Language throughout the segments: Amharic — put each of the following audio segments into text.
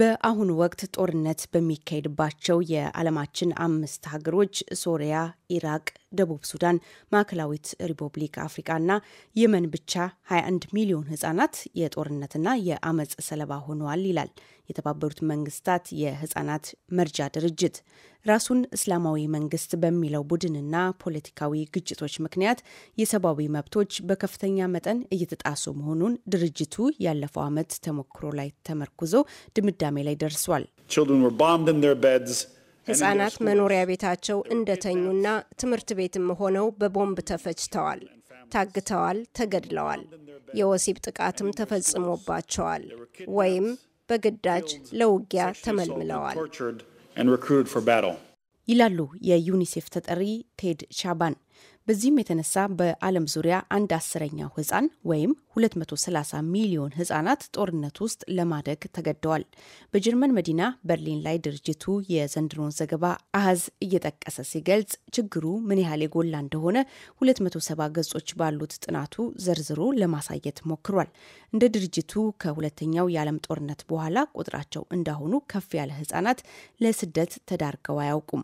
በአሁኑ ወቅት ጦርነት በሚካሄድባቸው የዓለማችን አምስት ሀገሮች ሶሪያ፣ ኢራቅ፣ ደቡብ ሱዳን፣ ማዕከላዊት ሪፐብሊክ አፍሪቃና የመን ብቻ 21 ሚሊዮን ህጻናት የጦርነትና የአመፅ ሰለባ ሆነዋል ይላል የተባበሩት መንግስታት የህጻናት መርጃ ድርጅት። ራሱን እስላማዊ መንግስት በሚለው ቡድንና ፖለቲካዊ ግጭቶች ምክንያት የሰብአዊ መብቶች በከፍተኛ መጠን እየተጣሱ መሆኑን ድርጅቱ ያለፈው ዓመት ተሞክሮ ላይ ተመርኩዞ ድምዳሜ ላይ ደርሷል። ህጻናት መኖሪያ ቤታቸው እንደተኙና ትምህርት ቤትም ሆነው በቦምብ ተፈጅተዋል፣ ታግተዋል፣ ተገድለዋል። የወሲብ ጥቃትም ተፈጽሞባቸዋል ወይም በግዳጅ ለውጊያ ተመልምለዋል ይላሉ የዩኒሴፍ ተጠሪ ቴድ ሻባን። በዚህም የተነሳ በዓለም ዙሪያ አንድ አስረኛው ህጻን ወይም 230 ሚሊዮን ህጻናት ጦርነት ውስጥ ለማደግ ተገደዋል። በጀርመን መዲና በርሊን ላይ ድርጅቱ የዘንድሮን ዘገባ አሃዝ እየጠቀሰ ሲገልጽ ችግሩ ምን ያህል የጎላ እንደሆነ 270 ገጾች ባሉት ጥናቱ ዘርዝሮ ለማሳየት ሞክሯል። እንደ ድርጅቱ ከሁለተኛው የዓለም ጦርነት በኋላ ቁጥራቸው እንዳሁኑ ከፍ ያለ ህጻናት ለስደት ተዳርገው አያውቁም።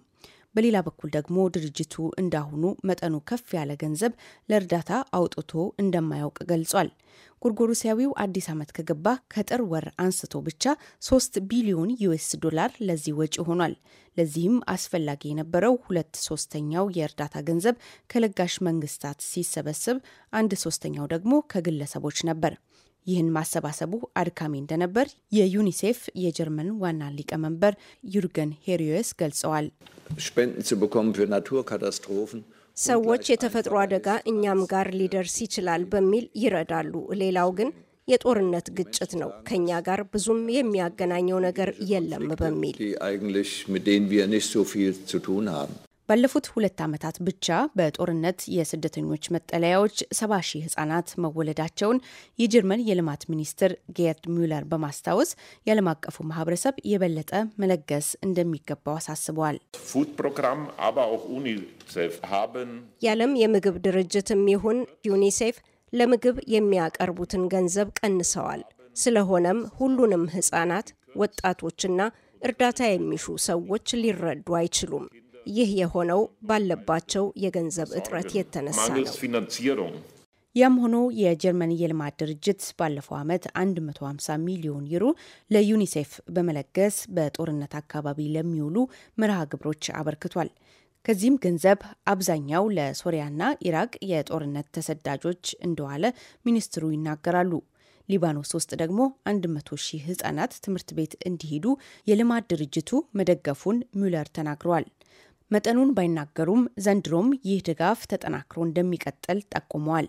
በሌላ በኩል ደግሞ ድርጅቱ እንዳሁኑ መጠኑ ከፍ ያለ ገንዘብ ለእርዳታ አውጥቶ እንደማያውቅ ገልጿል። ጎርጎሮሲያዊው አዲስ ዓመት ከገባ ከጥር ወር አንስቶ ብቻ 3 ቢሊዮን ዩኤስ ዶላር ለዚህ ወጪ ሆኗል። ለዚህም አስፈላጊ የነበረው ሁለት ሶስተኛው የእርዳታ ገንዘብ ከለጋሽ መንግስታት ሲሰበስብ፣ አንድ ሶስተኛው ደግሞ ከግለሰቦች ነበር። ይህን ማሰባሰቡ አድካሚ እንደነበር የዩኒሴፍ የጀርመን ዋና ሊቀመንበር ዩርገን ሄሪዮስ ገልጸዋል። ሰዎች የተፈጥሮ አደጋ እኛም ጋር ሊደርስ ይችላል በሚል ይረዳሉ። ሌላው ግን የጦርነት ግጭት ነው፣ ከኛ ጋር ብዙም የሚያገናኘው ነገር የለም በሚል ባለፉት ሁለት ዓመታት ብቻ በጦርነት የስደተኞች መጠለያዎች ሰባ ሺህ ህጻናት መወለዳቸውን የጀርመን የልማት ሚኒስትር ጌርድ ሚለር በማስታወስ የዓለም አቀፉ ማህበረሰብ የበለጠ መለገስ እንደሚገባው አሳስበዋል። የዓለም የምግብ ድርጅትም ይሁን ዩኒሴፍ ለምግብ የሚያቀርቡትን ገንዘብ ቀንሰዋል። ስለሆነም ሁሉንም ህጻናት፣ ወጣቶችና እርዳታ የሚሹ ሰዎች ሊረዱ አይችሉም። ይህ የሆነው ባለባቸው የገንዘብ እጥረት የተነሳ ነው። ያም ሆኖ የጀርመን የልማት ድርጅት ባለፈው ዓመት 150 ሚሊዮን ዩሮ ለዩኒሴፍ በመለገስ በጦርነት አካባቢ ለሚውሉ መርሃ ግብሮች አበርክቷል። ከዚህም ገንዘብ አብዛኛው ለሶሪያና ኢራቅ የጦርነት ተሰዳጆች እንደዋለ ሚኒስትሩ ይናገራሉ። ሊባኖስ ውስጥ ደግሞ 100 ሺህ ህጻናት ትምህርት ቤት እንዲሄዱ የልማት ድርጅቱ መደገፉን ሚለር ተናግረዋል። መጠኑን ባይናገሩም ዘንድሮም ይህ ድጋፍ ተጠናክሮ እንደሚቀጥል ጠቁመዋል።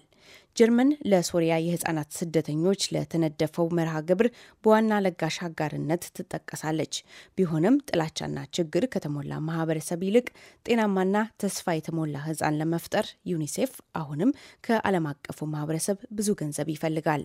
ጀርመን ለሶሪያ የህጻናት ስደተኞች ለተነደፈው መርሃ ግብር በዋና ለጋሽ አጋርነት ትጠቀሳለች። ቢሆንም ጥላቻና ችግር ከተሞላ ማህበረሰብ ይልቅ ጤናማና ተስፋ የተሞላ ህጻን ለመፍጠር ዩኒሴፍ አሁንም ከዓለም አቀፉ ማህበረሰብ ብዙ ገንዘብ ይፈልጋል።